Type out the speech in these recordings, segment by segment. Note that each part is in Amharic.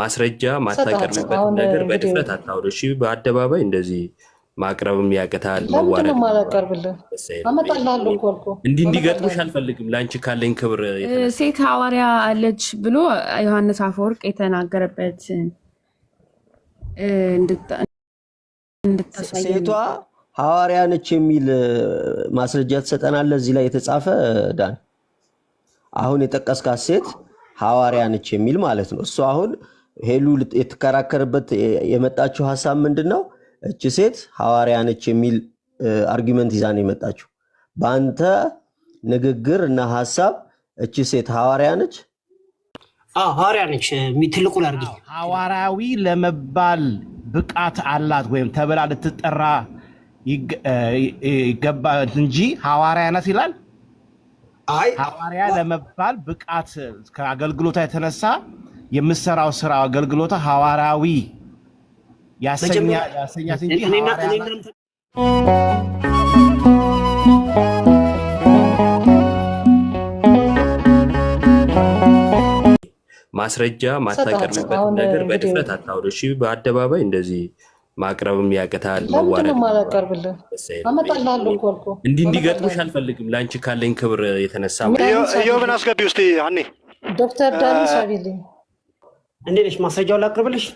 ማስረጃ ማታቀርብበትን ነገር በድፍረት አታውሉ። እሺ፣ በአደባባይ እንደዚህ ማቅረብም ያቅታል። እንዲህ እንዲገጥምሽ አልፈልግም። ለአንቺ ካለኝ ክብር ሴት ሐዋርያ አለች ብሎ ዮሐንስ አፈወርቅ የተናገረበት ሴቷ ሐዋርያ ነች የሚል ማስረጃ ትሰጠናለ እዚህ ላይ የተጻፈ ዳን፣ አሁን የጠቀስካት ሴት ሐዋርያ ነች የሚል ማለት ነው እሱ አሁን ሄሉ የተከራከርበት የመጣችው ሀሳብ ምንድን ነው? እች ሴት ሐዋርያ ነች የሚል አርጊመንት ይዛ ነው የመጣችው። በአንተ ንግግር እና ሀሳብ እች ሴት ሐዋርያ ነች? ሐዋርያ ነች። ትልቁ ላርጊ ሐዋርያዊ ለመባል ብቃት አላት ወይም ተብላ ልትጠራ ይገባል እንጂ ሐዋርያ ናት ይላል። ሐዋርያ ለመባል ብቃት ከአገልግሎታ የተነሳ የምሰራው ስራ አገልግሎት ሐዋርያዊ ማስረጃ ማታቀርብበት ነገር በድፍረት አታውሩ። እሺ፣ በአደባባይ እንደዚህ ማቅረብም ያቅታል። መዋረድ እንዲህ እንዲገጥሙሽ አልፈልግም። ለአንቺ ካለኝ ክብር የተነሳ ዮብን አስገቢ ውስጥ ኔ ዶክተር ዳኒ ሳቢልኝ እንዴት ነሽ? ማስረጃውን ላቅርብልሽ።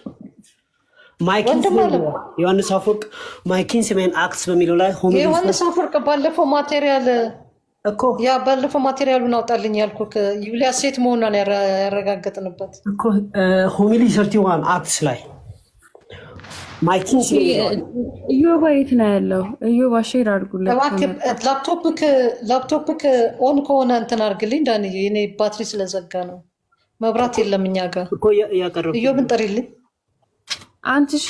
ዮሐንስ አፈወርቅ ማይ ኪንስሜን አክትስ በሚለው ላይ ዮሐንስ አፈወርቅ ባለፈው ማቴሪያል እኮ ያ ባለፈው ማቴሪያሉን አውጣልኝ ያልኩ ዩሊያ ሴት መሆኗን ያረጋገጥንበት ሆሚሊ ሰርቲ ዋን አክትስ ላይ ማይ ኪንስሜን እዮባ የት ነው ያለው? እዮባ ሼር አድርጉለት። ላፕቶፕክ ኦን ከሆነ እንትን አድርግልኝ ዳንዬ፣ እኔ ባትሪ ስለዘጋ ነው መብራት የለም እኛ ጋር እኮ እያቀረብኩ ምን ጠሪልኝ አንቺ ሺ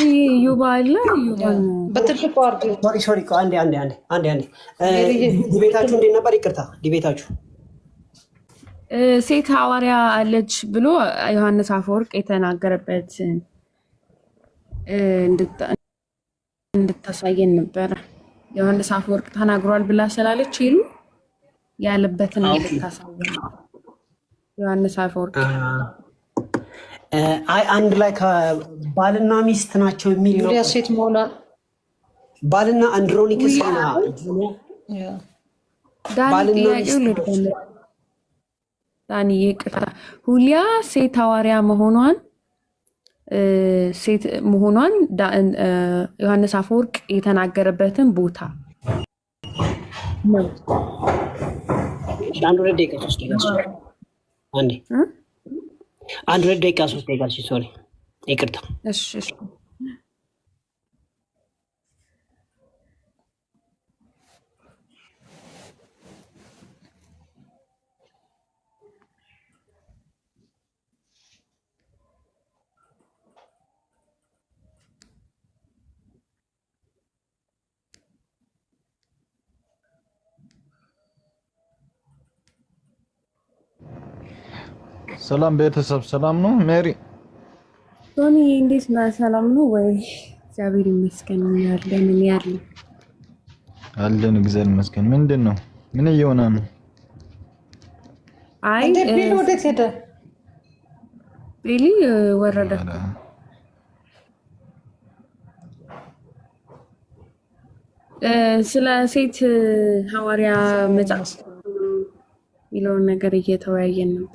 ዩባ አለ በትልቁ ሶሪ ሶሪ አንዴ አንዴ አንዴ አንዴ አንዴ ዲቤታችሁ እንዴት ነበር ይቅርታ ዲቤታችሁ ሴት ሐዋርያ አለች ብሎ ዮሐንስ አፈወርቅ የተናገረበት እንድታሳየን ነበረ ዮሐንስ አፈወርቅ ተናግሯል ብላ ስላለች ይሉ ያለበትን እንድታሳየን ዮሐንስ አፈወርቅ አይ አንድ ላይ ባልና ሚስት ናቸው የሚል ነው። ሴት መሆና ባልና አንድሮኒክስ ዳኒ ይቅርታ፣ ሁሊያ ሴት ሐዋርያ መሆኗን ሴት መሆኗን ዮሐንስ አፈወርቅ የተናገረበትን ቦታ ነው። አንድ ሁለት ደቂቃ ሶስት ደቂቃ ሶሪ፣ ይቅርታ። ሰላም ቤተሰብ፣ ሰላም ነው። ሜሪ ቶኒ እንዴት ነህ? ሰላም ነው ወይ? እግዚአብሔር ይመስገን ያለን ያለ አለን። እግዚአብሔር ይመስገን። ምንድን ነው? ምን እየሆነ ነው? አይ ወዴት ሄደ? ቤሊ ወረደ። ስለ ሴት ሐዋርያ መጽሐፍ የሚለውን ነገር እየተወያየን ነበር።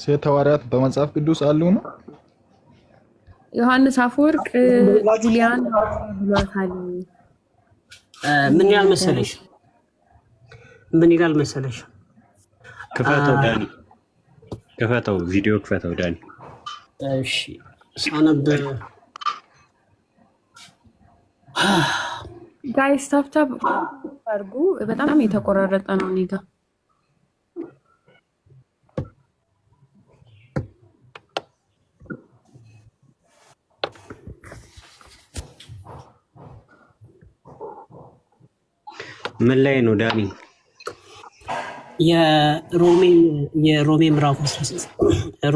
ሴት ሐዋርያት በመጽሐፍ ቅዱስ አሉ ነው። ዮሐንስ አፈወርቅ ጁሊያን ብሏታል። ምን ይላል መሰለሽ? ምን ይላል መሰለሽ? ክፈተው ዳኒ፣ ክፈተው ቪዲዮ ክፈተው ዳኒ። እሺ አነብ ጋይስ ታፕታፕ አድርጉ። በጣም የተቆራረጠ ነው እኔ ጋ ምን ላይ ነው ዳኒ? የሮሜ ምዕራፍ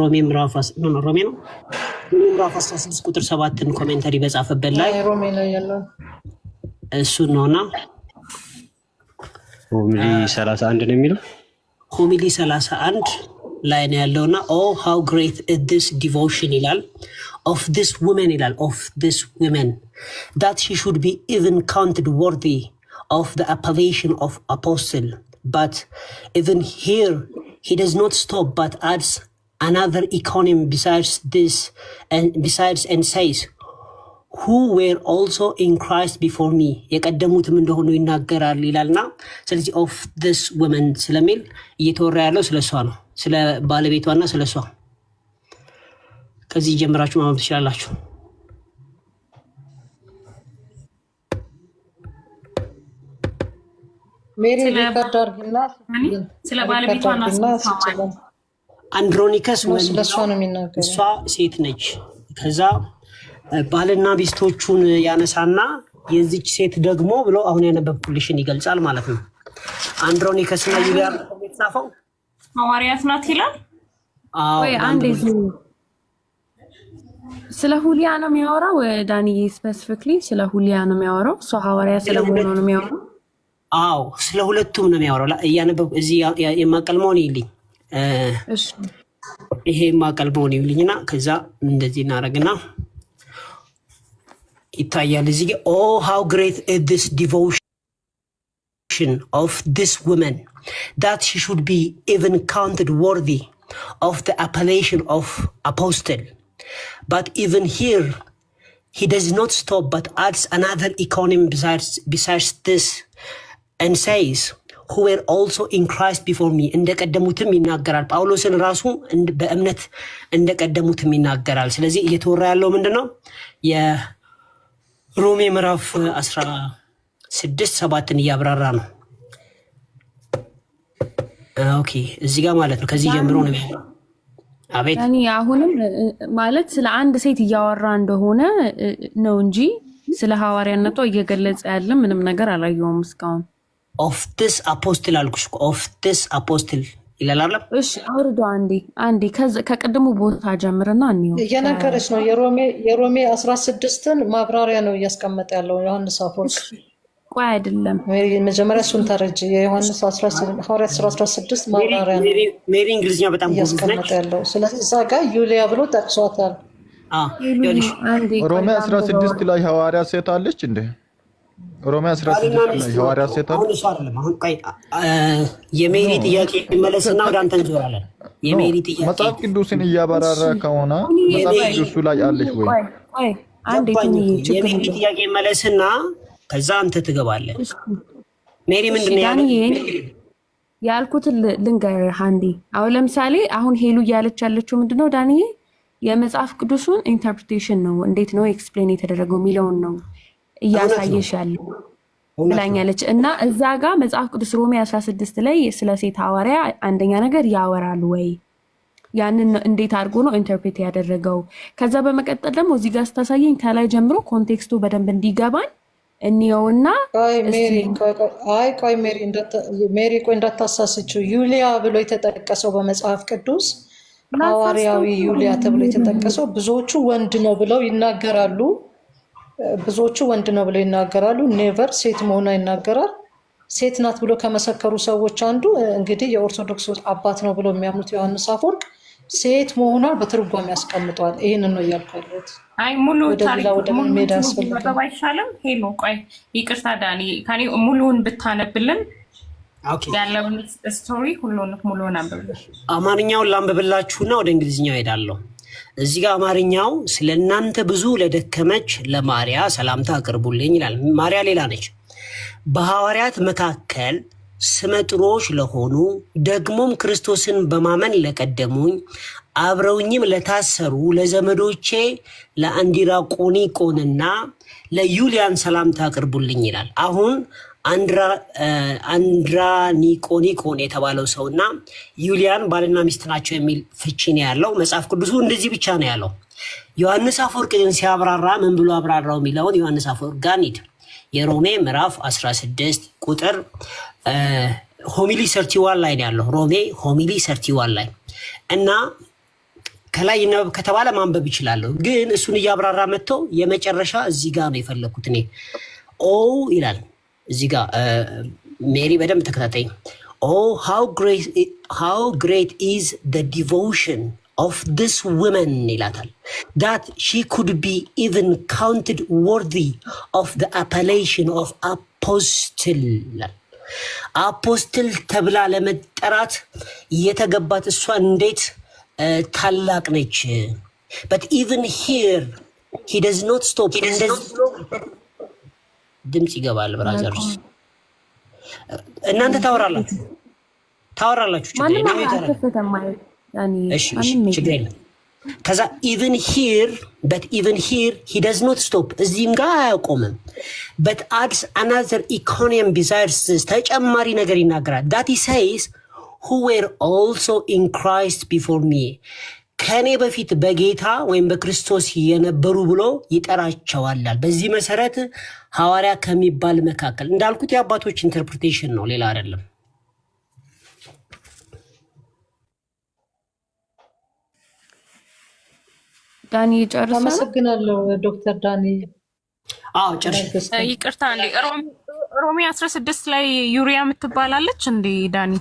ሮሜ ምዕራፍ ሮሜ ነው ምዕራፍ 16 ቁጥር ሰባትን ኮሜንተሪ በጻፈበት ላይ እሱን ነውና ሆሚሊ 31 ነው የሚለው ሆሚሊ 31 ላይ ነው ያለውና ኦ ሃው ግሬት ዲስ ዲቮሽን ይላል ኦፍ ዲስ ውመን ይላል ኦፍ ዲስ ውመን ዳት ሺ ሹድ ቢ ኢቨን ካውንትድ ወርዲ of the appellation of apostle. But even here, he does not stop, but adds another economy besides this, and besides and says, who were also in Christ before me የቀደሙትም እንደሆኑ ይናገራል ይላልና ስለዚህ ኦፍ ዲስ ወመን ስለሚል እየተወራ ያለው ስለ እሷ ነው፣ ስለ ባለቤቷና ስለ ከዚህ ጀምራችሁ ማመብ ትችላላችሁ። ሜሪ ሪከርድ አድርጊና ስለ ባለቤቷ አንድሮኒከስ እሷ ሴት ነች። ከዛ ባልና ሚስቶቹን ያነሳና የዚች ሴት ደግሞ ብሎ አሁን ያነበብኩልሽን ይገልጻል ማለት ነው። አንድሮኒከስ እና ዩሊያ የተጻፈው ሐዋርያት ናት ይላል። ስለ ሁሊያ ነው የሚያወራው ዳንዬ፣ ስፔሲፊክሊ ስለ ሁሊያ ነው የሚያወራው። እሷ ሐዋርያ ስለሆነ ነው የሚያወራው አዎ ስለ ሁለቱም ነው የሚያወራው። እያነበብ እዚህ የማቀልመውን ይልኝ ይሄ የማቀልመውን ይልኝ እና ከዛ እንደዚህ እናደርግና ይታያል። እዚህ ጋ ኦ ሃው ግሬት ስ ዲቮሽን ኦፍ ዲስ ውመን ዳት ሺ ሹድ ቢ ኢቨን ካውንትድ ወርዲ ኦፍ ዘ አፐሌሽን ኦፍ አፖስትል ባት ኢቨን ሂር ሂ ደዝ ኖት ስቶፕ ባት አድስ አናዘር ኢኮኖሚ ቢሳይድስ ዲስ and says who were also in Christ before me እንደቀደሙትም ይናገራል። ጳውሎስን ራሱ በእምነት እንደቀደሙትም ይናገራል። ስለዚህ እየተወራ ያለው ምንድን ነው? የሮሜ ምዕራፍ 16 ሰባትን እያብራራ ነው። ኦኬ እዚህ ጋር ማለት ነው። ከዚህ ጀምሮ ነው። አቤት አሁንም ማለት ስለ አንድ ሴት እያወራ እንደሆነ ነው እንጂ ስለ ሐዋርያነቷ እየገለጸ ያለ ምንም ነገር አላየውም እስካሁን ኦፍትስ አፖስትል አልኩሽ። ኦፍ ዲስ አፖስትል ይላል አለም። እሺ አውርዶ አንዴ አንዴ ከቅድሙ ቦታ ጀምርና እኒ እየነገረች ነው። የሮሜ አስራ ስድስትን ማብራሪያ ነው እያስቀመጠ ያለው ዮሐንስ አፈወርቅ። ቆይ አይደለም መጀመሪያ እሱን ተረጅ። የዮሐንስ ሐዋርያት ስራ አስራ ስድስት ማብራሪያ ነው ሜሪ። እንግሊዝኛ በጣም እያስቀመጠ ያለው ስለዚህ እዛ ጋር ዩሊያ ብሎ ጠቅሷታል። ሮሜ አስራ ስድስት ላይ ሐዋርያ ሴት አለች እንዴ? ሮሚያ ስራ የሐዋርያ ሴት የሜሪ ጥያቄ ወደ አንተ እንዞራለን። የሜሪ ጥያቄ መጽሐፍ ቅዱስን እያበራራ ከሆነ መጽሐፍ ቅዱሱ ላይ አለች ወይ? የሜሪ ጥያቄ ከዛ አንተ ሜሪ ምንድን ያልኩትን ልንገር ሀንዲ። አሁን ለምሳሌ አሁን ሄሉ እያለች ያለችው ምንድነው ዳንዬ? የመጽሐፍ ቅዱሱን ኢንተርፕሪቴሽን ነው እንዴት ነው ኤክስፕሌን የተደረገው የሚለውን ነው እያሳየሽ ያለው ብላኛለች እና እዛ ጋ መጽሐፍ ቅዱስ ሮሜ 16 ላይ ስለ ሴት ሐዋርያ አንደኛ ነገር ያወራል ወይ? ያንን እንዴት አድርጎ ነው ኢንተርፕሬት ያደረገው? ከዛ በመቀጠል ደግሞ እዚህ ጋር ስታሳየኝ ከላይ ጀምሮ ኮንቴክስቱ በደንብ እንዲገባን እንየውና አይ ቆይ ሜሪ ቆይ እንዳታሳስችው ዩሊያ ብሎ የተጠቀሰው በመጽሐፍ ቅዱስ ሐዋርያዊ ዩሊያ ተብሎ የተጠቀሰው ብዙዎቹ ወንድ ነው ብለው ይናገራሉ። ብዙዎቹ ወንድ ነው ብለው ይናገራሉ። ኔቨር ሴት መሆኗ ይናገራል። ሴት ናት ብሎ ከመሰከሩ ሰዎች አንዱ እንግዲህ የኦርቶዶክስ አባት ነው ብሎ የሚያምኑት ዮሐንስ አፈወርቅ ሴት መሆኗ በትርጓም ያስቀምጠዋል። ይህንን ነው እያልኩ ያለሁት። አይ ሙሉ ታሪክ አይሻልም? ሄሎ ቆይ ይቅርታ ዳኒ፣ ከኔ ሙሉውን ብታነብልን ያለውን ስቶሪ ሁሉን ሙሉውን አንብብልን። አማርኛውን ላንብብላችሁና ወደ እንግሊዝኛ ሄዳለሁ። እዚህ ጋር አማርኛው ስለ እናንተ ብዙ ለደከመች ለማርያ ሰላምታ አቅርቡልኝ ይላል። ማርያ ሌላ ነች። በሐዋርያት መካከል ስመጥሮች ለሆኑ ደግሞም ክርስቶስን በማመን ለቀደሙኝ አብረውኝም ለታሰሩ ለዘመዶቼ ለአንዲራ ቆኒቆንና ለዩሊያን ሰላምታ አቅርቡልኝ ይላል። አሁን አንድራኒቆኒቆን የተባለው ሰውና ዩሊያን ባልና ሚስት ናቸው የሚል ፍቺ ነው ያለው። መጽሐፍ ቅዱሱ እንደዚህ ብቻ ነው ያለው። ዮሐንስ አፈወርቅ ግን ሲያብራራ ምን ብሎ አብራራው የሚለውን ዮሐንስ አፈወርቅ ጋር እንሂድ። የሮሜ ምዕራፍ 16 ቁጥር ሆሚሊ ሰርቲዋን ላይ ነው ያለው። ሮሜ ሆሚሊ ሰርቲዋን ላይ እና ከላይ ነው ከተባለ ማንበብ ይችላለሁ፣ ግን እሱን እያብራራ መጥቶ የመጨረሻ እዚህ ጋር ነው የፈለግኩት እኔ ኦ ይላል እዚህ ጋር ሜሪ በደንብ ተከታታይ ኦ ሃው ግሬት ኢዝ ዲቮሽን ኦፍ ዲስ ውመን ይላታል ዳት ሺ ኩድ ቢ ኢቨን ካውንትድ ወርዚ ኦፍ አፐሌሽን ኦፍ አፖስትል ይላል። አፖስትል ተብላ ለመጠራት የተገባት እሷ እንዴት ታላቅ ነች። በት ኢቨን ሂር ሂ ደዝ ኖት ስቶፕ። ድምፅ ይገባል። ብራዘርስ እናንተ ታወራላችሁ ታወራላችሁ፣ ችግር የለም። ከዛ ኢቨን ሂር በት ኢቨን ሂር ሂ ደዝ ኖት ስቶፕ፣ እዚህም ጋር አያቆምም። በት አድስ አናዘር ኢኮኖሚ ቢዛይርስ፣ ተጨማሪ ነገር ይናገራል ዳት who were also in Christ before me ከኔ በፊት በጌታ ወይም በክርስቶስ የነበሩ ብሎ ይጠራቸዋላል። በዚህ መሰረት ሐዋርያ ከሚባል መካከል እንዳልኩት የአባቶች ኢንተርፕሪቴሽን ነው፣ ሌላ አይደለም። ዳኒ ጨርሰ። አመሰግናለሁ ዶክተር ዳኒ። አዎ ጨርሻ። ይቅርታ ሮም ሮሚ አስራ ስድስት ላይ ዩሪያ የምትባላለች እንዴ ዳኒ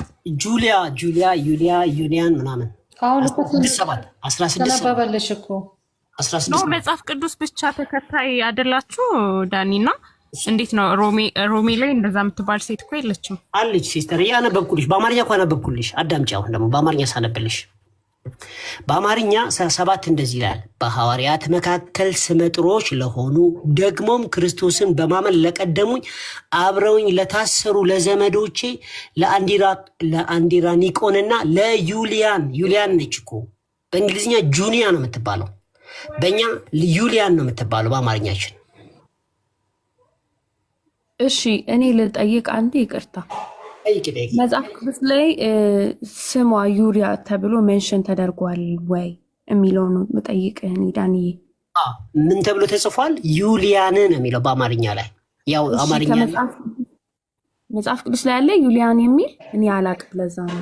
ጁሊያ ጁሊያ ዩሊያ ዩሊያን ምናምን ተነባባለች እኮ መጽሐፍ ቅዱስ ብቻ ተከታይ አደላችሁ ዳኒ እና እንዴት ነው ሮሚ ላይ እንደዛ የምትባል ሴት እኮ የለችም አለች ሲስተር እያነበብኩልሽ በአማርኛ እኮ አነበብኩልሽ አዳምጪ አሁን ደግሞ በአማርኛ ሳነብልሽ በአማርኛ ሰባት እንደዚህ ይላል። በሐዋርያት መካከል ስመጥሮች ለሆኑ ደግሞም ክርስቶስን በማመን ለቀደሙኝ አብረውኝ ለታሰሩ ለዘመዶቼ ለአንዲራ ኒቆንና ለዩሊያን ዩሊያን ነች እኮ በእንግሊዝኛ ጁኒያ ነው የምትባለው፣ በእኛ ዩሊያን ነው የምትባለው በአማርኛችን። እሺ እኔ ልጠይቅ አንድ ይቅርታ መጽሐፍ ቅዱስ ላይ ስሟ ዩሪያ ተብሎ ሜንሽን ተደርጓል ወይ የሚለውን መጠይቅህን ዳንዬ። ምን ተብሎ ተጽፏል? ዩሊያን ነው የሚለው በአማርኛ ላይ ያው አማርኛ መጽሐፍ ቅዱስ ላይ ያለ ዩሊያን የሚል እኔ አላቅም። ለዛ ነው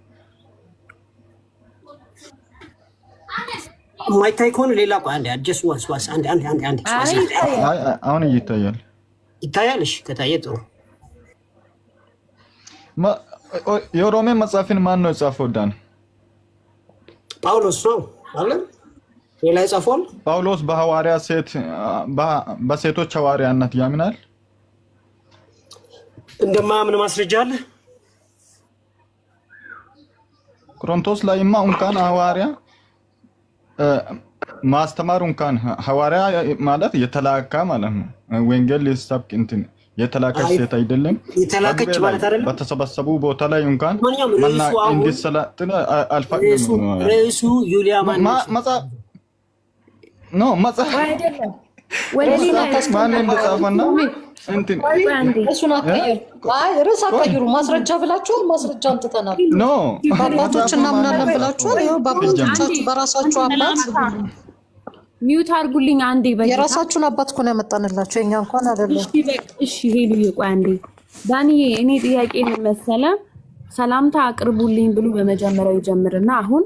የማይታይ ከሆነ ሌላ አጀስ አንድ አንድ አንድ አንድ አሁን ይታያል ይታያል። እሺ ከታየ ጥሩ። የሮሜ መጽሐፍን ማን ነው የጻፈው? ዳን ጳውሎስ ነው አለ። ሌላ የጻፈዋል ጳውሎስ በሐዋርያ ሴት በሴቶች ሐዋርያነት ያምናል። እንደማያምን ማስረጃ አለ። ቆሮንቶስ ላይማ እንኳን ሐዋርያ ማስተማሩ እንኳን ሐዋርያ ማለት የተላካ ማለት ነው። ወንጌል ሊሰብክ እንትን የተላከች ሴት አይደለም። የተላከች ማለት አይደለም። በተሰበሰቡ ቦታ ላይ እንኳን እንዲሰላጥን አልፈቅድም። ርዕሱ ዩሊያ ነው? መጽሐፍ ርዕስ አቀይሩ። ማስረጃ ብላችኋል። ማስረጃ አምጥተናል። በአባቶች እናምናለን ብላችኋል። በአባቶቻችሁ በራሳችሁ አባት ሚዩት አድርጉልኝ አንዴ። የራሳችሁን አባት እኮ ነው ያመጣንላቸው እንኳን አይደለም። እሺ አንዴ። ዳንዬ እኔ ጥያቄ መሰለ ሰላምታ አቅርቡልኝ ብሎ በመጀመሪያው ይጀምርና አሁን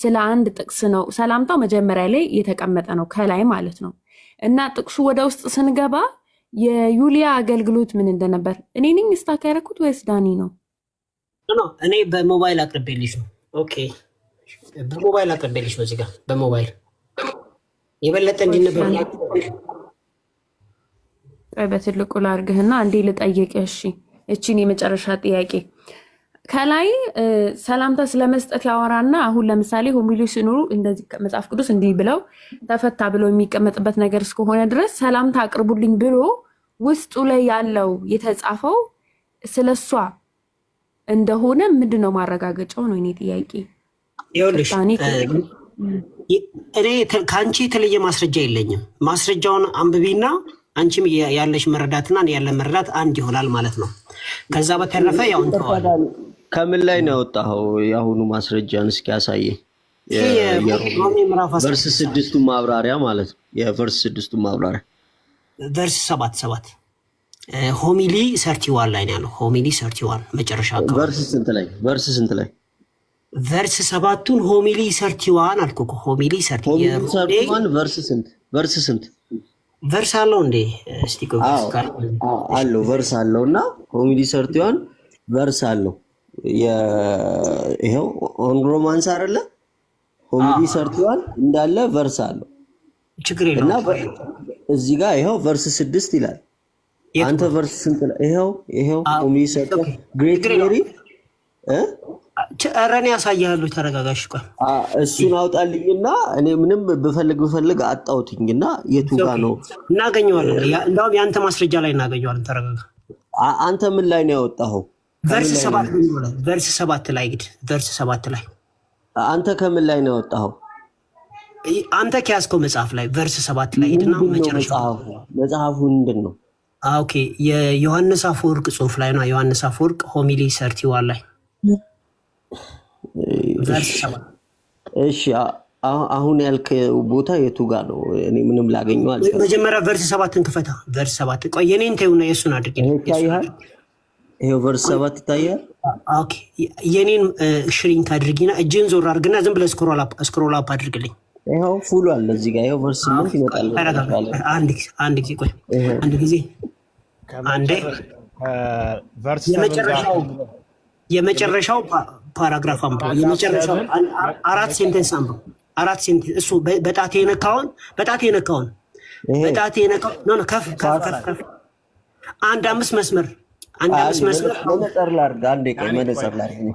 ስለ አንድ ጥቅስ ነው ሰላምታው መጀመሪያ ላይ የተቀመጠ ነው ከላይ ማለት ነው። እና ጥቅሱ ወደ ውስጥ ስንገባ የዩሊያ አገልግሎት ምን እንደነበር እኔ ነኝ ስታክ ያደረኩት ወይስ ዳኒ ነው? እኔ በሞባይል አቅርቤልሽ ነው። ኦኬ በሞባይል አቅርቤልሽ ነው። እዚህ ጋ በሞባይል የበለጠ እንዲነበር በትልቁ ላርግህና እንዴ ልጠየቅ። እሺ እቺን የመጨረሻ ጥያቄ ከላይ ሰላምታ ስለመስጠት ያወራና አሁን ለምሳሌ ሆሚሊ ሲኖሩ እንደዚህ መጽሐፍ ቅዱስ እንዲህ ብለው ተፈታ ብለው የሚቀመጥበት ነገር እስከሆነ ድረስ ሰላምታ አቅርቡልኝ ብሎ ውስጡ ላይ ያለው የተጻፈው ስለሷ እንደሆነ ምንድን ነው ማረጋገጫው? ነው እኔ ጥያቄ። እኔ ከአንቺ የተለየ ማስረጃ የለኝም። ማስረጃውን አንብቢና አንቺም ያለሽ መረዳትና ያለ መረዳት አንድ ይሆናል ማለት ነው። ከዛ በተረፈ ያው ከምን ላይ ነው ያወጣኸው? የአሁኑ ማስረጃን እስኪ ያሳየኝ። ቨርስ ስድስቱ ማብራሪያ ማለት ነው። የቨርስ ስድስቱ ማብራሪያ ቨርስ ሰባት ሰባት ሆሚሊ ሰርቲዋን ላይ ነው ያለው። ሆሚሊ ሰርቲዋን መጨረሻ ቨርስ ስንት ላይ ቨርስ ስንት ላይ ቨርስ ሰባቱን ሆሚሊ ሰርቲዋን አልኩ እኮ ሆሚሊ ሰርቲዋን ቨርስ ስንት ቨርስ ስንት ቨርስ አለው እንዴ? እስቲ አለው ቨርስ አለው እና ሆሚሊ ሰርቲዋን ቨርስ አለው ይኸው ሮማንስ አይደለ ኮሚዲ ሰርተዋል እንዳለ ቨርስ አለው እና እዚህ ጋር ይኸው ቨርስ ስድስት ይላል። አንተ ቨርስ ስንት ላይ ይኸው ይኸው ኮሜዲ ሰርተዋል ግሬት ሜሪ ረኔ ያሳያሉ። ተረጋጋሽ ቆይ እሱን አውጣልኝና እኔ ምንም ብፈልግ ብፈልግ አጣውትኝና የቱ ጋ ነው እናገኘዋለን። እንዳውም የአንተ ማስረጃ ላይ እናገኘዋለን። ተረጋጋ። አንተ ምን ላይ ነው ያወጣኸው? ቨርስ ሰባት ላይ ግድ ቨርስ ሰባት ላይ አንተ ከምን ላይ ነው የወጣኸው? አንተ ከያዝከው መጽሐፍ ላይ ቨርስ ሰባት ላይ ሄድና መጨረሻ መጽሐፉ ምንድን ነው? ኦኬ የዮሐንስ አፈወርቅ ጽሁፍ ላይ ነው። ዮሐንስ አፈወርቅ ሆሚሊ ሰርቲዋን ላይ እሺ አሁን ያልክ ቦታ የቱ ጋ ነው? እኔ ምንም ላገኘዋል። መጀመሪያ ቨርስ ሰባትን ክፈታ። ቨርስ ሰባት ቆይ፣ የኔን ተይውና የእሱን አድርግ ይሄው ቨርስ ሰባት ይታያል። የኔን ሽሪንክ አድርጊና እጅን ዞር አድርግና ዝም ብለህ ስክሮል አፕ አድርግልኝ። ይሄው ፉሉ አለ እዚህ ጋር ይሄው ቨርስ ስምንት ይመጣል። አንድ ጊዜ አንድ ጊዜ ቆይ አንድ ጊዜ አንዴ የመጨረሻው የመጨረሻው ፓራግራፍ አንብሮ የመጨረሻው አራት ሴንተንስ አንብሮ አራት ሴንተንስ እሱ በጣቴ የነካውን በጣቴ የነካውን በጣቴ የነካውን ከፍ ከፍ ከፍ አንድ አምስት መስመር መነጽር ላድርግ። አንዴ ቆይ መነጽር ላድርግ።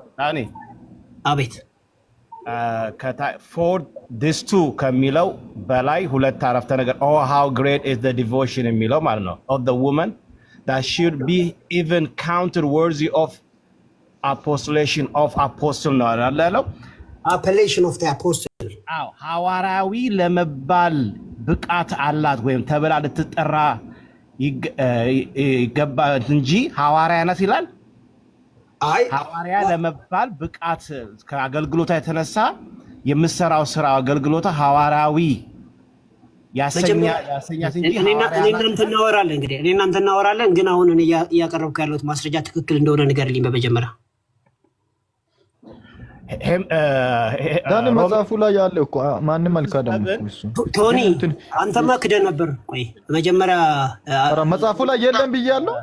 አቤት ፎር ዲስ ቱ ከሚለው በላይ ሁለት አረፍተ ነገር ኦ ሃው ግሬት ኢዝ ዘ ዲቮሽን የሚለው ማለት ነው ኦፍ ዘ ውመን that should be even counted worthy of apostolation of apostle ነው ያለው appellation of the ሐዋርያዊ ለመባል ብቃት አላት ወይም ተብላ ልትጠራ ይገባ እንጂ ሐዋርያ ይላል። አይ ሐዋርያ ለመባል ብቃት ከአገልግሎታ የተነሳ የምሰራው ስራ አገልግሎታ ሐዋርያዊ እናወራለን እንግዲህ እናንተ እናወራለን። ግን አሁን እያቀረብኩ ያለሁት ማስረጃ ትክክል እንደሆነ ንገርልኝ በመጀመሪያ ዳን መጽሐፉ ላይ ያለ እኮ ማንም አልካደም። ቶኒ አንተማ ክደ ነበር። ቆይ መጀመሪያ መጽሐፉ ላይ የለም ብያለሁ።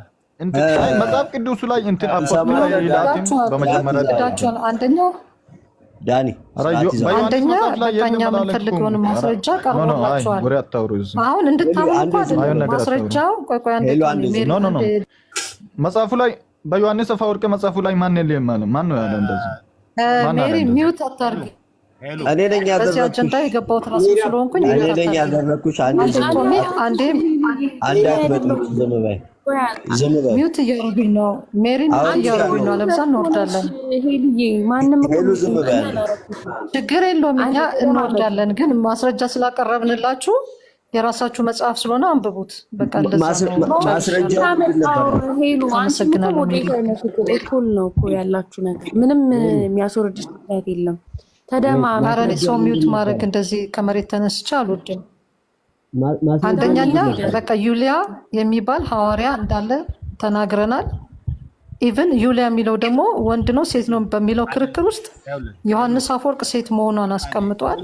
መጽሐፍ ቅዱሱ ላይ እንትን አቆላላችን አንደኛው ዳኒ አንደኛ በቃኛ የምንፈልገውን ማስረጃ ቀርቦላቸዋል። አሁን እንድታምኑ ማስረጃው ቆይ መጽሐፉ ላይ በዮሐንስ አፈወርቅ መጽሐፉ ላይ ማን ማን ነው ያለው እንደዚህ ሜሪ ሚውት አታርጊ። እኔ ነኝ የገባሁት ስለሆንኩኝ እኔ ነኝ ሚውት እያደረጉኝ ነው። ሜሪ እያደረጉኝ ነው። እንወርዳለን። ችግር የለውም እኛ እንወርዳለን፣ ግን ማስረጃ ስላቀረብንላችሁ የራሳችሁ መጽሐፍ ስለሆነ አንብቡት። በቃ ነው እኮ ያላችሁ ነገር ምንም የሚያስወርድ ምክንያት የለም። ተደማረ ሰው ሚዩት ማድረግ እንደዚህ ከመሬት ተነስቼ አልወድም። አንደኛኛ በቃ ዩሊያ የሚባል ሐዋርያ እንዳለ ተናግረናል። ኢቨን ዩሊያ የሚለው ደግሞ ወንድ ነው ሴት ነው በሚለው ክርክር ውስጥ ዮሐንስ አፈወርቅ ሴት መሆኗን አስቀምጧል።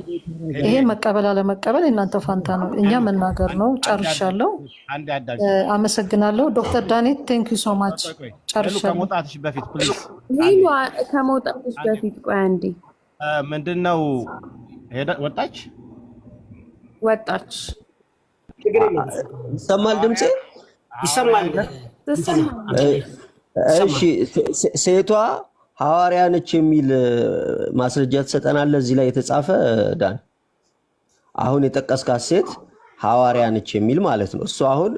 ይሄ መቀበል አለመቀበል የእናንተ ፋንታ ነው፣ እኛ መናገር ነው። ጨርሻለሁ። አመሰግናለሁ። ዶክተር ዳኔት ቴንክ ዩ ሶ ማች። ጨርሻለሁ። በፊት ከመውጣትሽ በፊት ቆይ አንዴ ምንድን ነው ወጣች ወጣች። ይሰማል ድምፄ ይሰማል እሺ ሴቷ ሐዋርያ ነች የሚል ማስረጃ ትሰጠናለህ? እዚህ ላይ የተጻፈ ዳን፣ አሁን የጠቀስካት ሴት ሐዋርያ ነች የሚል ማለት ነው። እሱ አሁን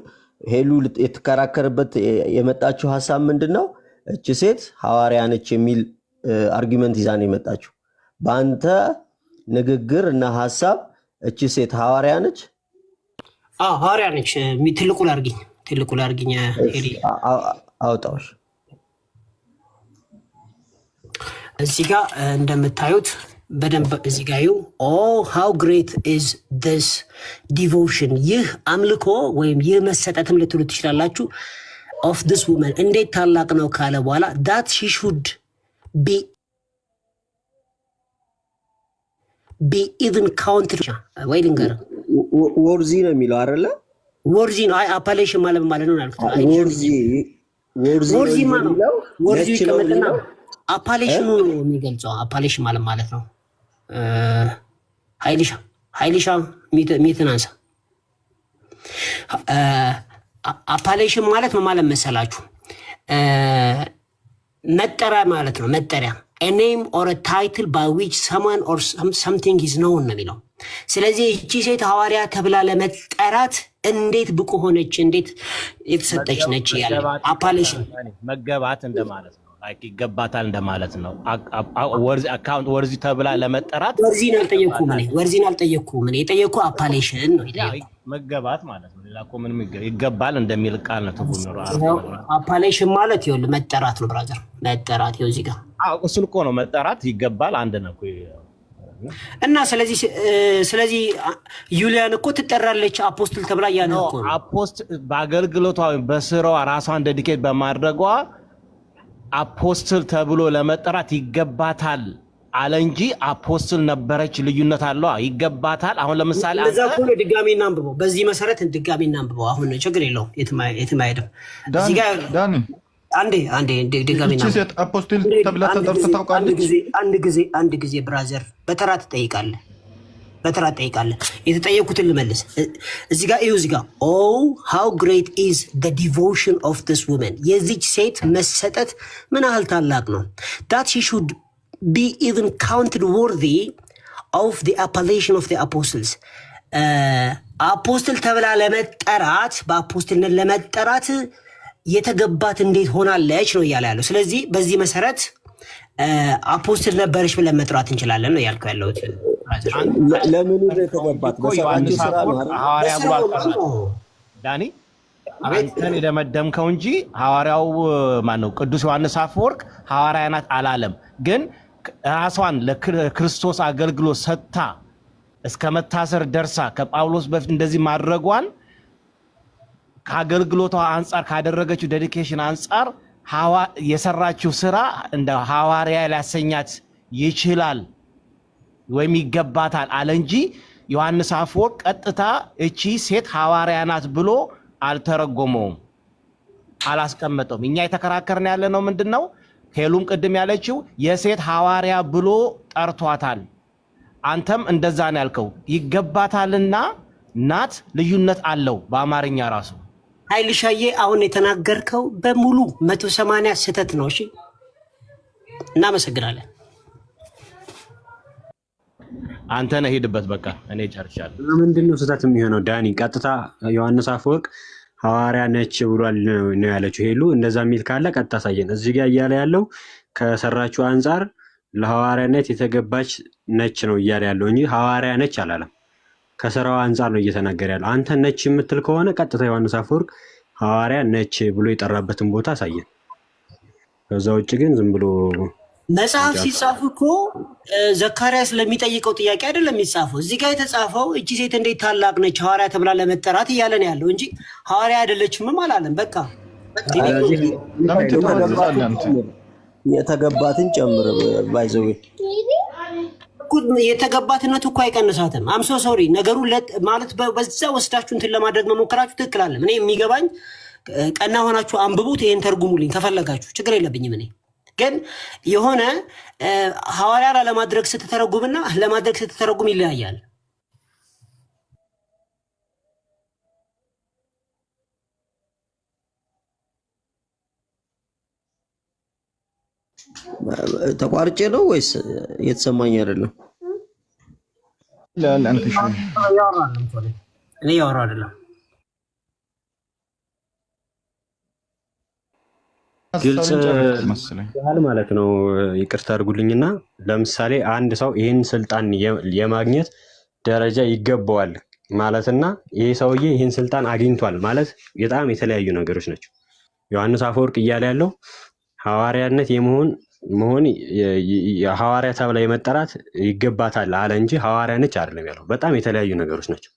ሄሉ የትከራከርበት የመጣችው ሀሳብ ምንድን ነው? እች ሴት ሐዋርያ ነች የሚል አርጊመንት ይዛ ነው የመጣችው። በአንተ ንግግር እና ሀሳብ እች ሴት ሐዋርያ ነች? ሐዋርያ ነች። ትልቁ ላርግኝ፣ ትልቁ ላርግኝ፣ አውጣዎች እዚህ ጋ እንደምታዩት በደንብ እዚህ ጋ ይኸው ኦ ሃው ግሬት ኢዝ ዲስ ዲቮሽን፣ ይህ አምልኮ ወይም ይህ መሰጠትም ልትሉ ትችላላችሁ። ኦፍ ዲስ ውመን እንዴት ታላቅ ነው ካለ በኋላ ዳት ሺ ሹድ ቢ ቢ ኢቭን ካውንትድ ወይ ልንገር ወርዚ ነው የሚለው አይደለ? ወርዚ ነው። አይ አፓሌሽን ማለት ማለት ነው። ወርዚ ወርዚ ነው። ወርዚ ይቀመጥና አፓሌሽኑ ነው የሚገልጸው። አፓሌሽን ማለት ማለት ነው። ሀይሊሻ ሀይሊሻ አንሳ። አፓሌሽን ማለት ነው ማለት መሰላችሁ መጠሪያ ማለት ነው። መጠሪያ ኔም ኦር ታይትል ባይ ዊች ሰማን ኦር ሰምቲንግ ኢዝ ነውን ነው የሚለው። ስለዚህ እቺ ሴት ሐዋርያ ተብላ ለመጠራት እንዴት ብቁ ሆነች? እንዴት የተሰጠች ነች? ያለ አፓሌሽን መገባት እንደማለት ነው። ይገባታል እንደማለት ነው። አካውንት ወርዚ ተብላ ለመጠራት ወርዚን አልጠየኩም እኔ ወርዚን አልጠየኩም እኔ የጠየኩ አፓሌሽን ነው መገባት ማለት ነው። ሌላ እኮ ምንም ይገባል እንደሚል ቃል ነው ትጉ አፓሌሽን ማለት ይኸውልህ መጠራት ነው ብራዘር፣ መጠራት ይኸው እዚህ ጋር እሱን እኮ ነው መጠራት ይገባል አንድ ነው እና ስለዚህ ስለዚህ ዩሊያን እኮ ትጠራለች አፖስትል ተብላ እያለ አፖስት በአገልግሎቷ ወይም በስራዋ ራሷን ደዲኬት በማድረጓ አፖስትል ተብሎ ለመጠራት ይገባታል አለ እንጂ አፖስትል ነበረች። ልዩነት አለዋ። ይገባታል። አሁን ለምሳሌ እዛ ሁሉ ድጋሚ እናንብበው። በዚህ መሰረት ድጋሚ እናንብበው። አሁን ችግር የለውም። የትም አይሄድም። አንዴ አንዴ ድጋሚ አፖስትል ተብላ ተጠርታ ታውቃለች። አንድ ጊዜ አንድ ጊዜ ብራዘር በተራ ትጠይቃለህ በተራ ጠይቃለ የተጠየቁትን ልመልስ። እዚህ ጋር እዩ። እዚ ጋር ኦ ሃው ግሬት ኢዝ ደ ዲቮሽን ኦፍ ዲስ ውመን፣ የዚች ሴት መሰጠት ምን ያህል ታላቅ ነው። ዳት ሺ ሹድ ቢ ኢቨን ካውንትድ ወርዚ ኦፍ ዲ አፓሌሽን ኦፍ ዲ አፖስትልስ፣ አፖስትል ተብላ ለመጠራት በአፖስትልነት ለመጠራት የተገባት እንዴት ሆናለች ነው እያለ ያለው። ስለዚህ በዚህ መሰረት አፖስትል ነበረች ብለን መጥራት እንችላለን ነው ያልከው ያለሁት። ለምን የተገባት? ዳኒ አንተን የደመደምከው እንጂ ሐዋርያው ማነው? ቅዱስ ዮሐንስ አፈወርቅ ሐዋርያ ናት አላለም። ግን ራሷን ለክርስቶስ አገልግሎት ሰጥታ እስከ መታሰር ደርሳ ከጳውሎስ በፊት እንደዚህ ማድረጓን ከአገልግሎቷ አንጻር ካደረገችው ዴዲኬሽን አንጻር የሰራችው ስራ እንደ ሐዋርያ ሊያሰኛት ይችላል ወይም ይገባታል አለ እንጂ ዮሐንስ አፈወርቅ ቀጥታ እቺ ሴት ሐዋርያ ናት ብሎ አልተረጎመውም፣ አላስቀመጠውም። እኛ የተከራከርን ያለ ነው ምንድን ነው? ሄሉም ቅድም ያለችው የሴት ሐዋርያ ብሎ ጠርቷታል። አንተም እንደዛ ነው ያልከው። ይገባታልና ናት ልዩነት አለው በአማርኛ ራሱ ኃይልሻዬ አሁን የተናገርከው በሙሉ መቶ ሰማንያ ስህተት ነው። እሺ እናመሰግናለን። አንተ ነህ ሂድበት። በቃ እኔ ጨርሻለሁ። ምንድን ነው ስህተት የሚሆነው? ዳኒ ቀጥታ ዮሐንስ አፈወርቅ ሐዋርያ ነች ብሏል ነው ያለችው ሄሉ። እንደዛ የሚል ካለ ቀጥታ ሳየን እዚህ ጋር እያለ ያለው ከሰራችው አንጻር ለሐዋርያነት የተገባች ነች ነው እያለ ያለው እንጂ ሐዋርያ ነች አላለም። ከስራዋ አንጻር ነው እየተናገረ ያለው። አንተ ነች የምትል ከሆነ ቀጥታ ዮሐንስ አፈወርቅ ሐዋርያ ነች ብሎ የጠራበትን ቦታ አሳየን። ከዛ ውጭ ግን ዝም ብሎ መጽሐፍ ሲጻፍ እኮ ዘካርያስ ለሚጠይቀው ጥያቄ አይደለም የሚጻፈው። እዚህ ጋር የተጻፈው እቺ ሴት እንዴት ታላቅ ነች ሐዋርያ ተብላ ለመጠራት እያለ ነው ያለው እንጂ ሐዋርያ አይደለችምም አላለም። በቃ የተገባትን ጨምር ባይዘዌ እኩል የተገባትነቱ እኮ አይቀንሳትም። አምሶ ሶሪ ነገሩ ማለት በዛ ወስዳችሁ እንትን ለማድረግ መሞከራችሁ ትክክል አለም። እኔ የሚገባኝ ቀና ሆናችሁ አንብቡት፣ ይሄን ተርጉሙልኝ ከፈለጋችሁ ችግር የለብኝም። እኔ ግን የሆነ ሐዋርያ ላለማድረግ ስትተረጉምና ለማድረግ ስትተረጉም ይለያያል። ተቋርጬ ነው ወይስ የተሰማኝ አይደለም? እኔ ያወራ አይደለም ግልጽ ማለት ነው። ይቅርታ አድርጉልኝና ለምሳሌ አንድ ሰው ይህን ስልጣን የማግኘት ደረጃ ይገባዋል ማለትና ይህ ሰውዬ ይህን ስልጣን አግኝቷል ማለት በጣም የተለያዩ ነገሮች ናቸው። ዮሐንስ አፈወርቅ እያለ ያለው ሐዋርያነት የመሆን መሆን ሐዋርያ ተብላ የመጠራት ይገባታል አለ እንጂ ሐዋርያ ነች አይደለም ያለው። በጣም የተለያዩ ነገሮች ናቸው።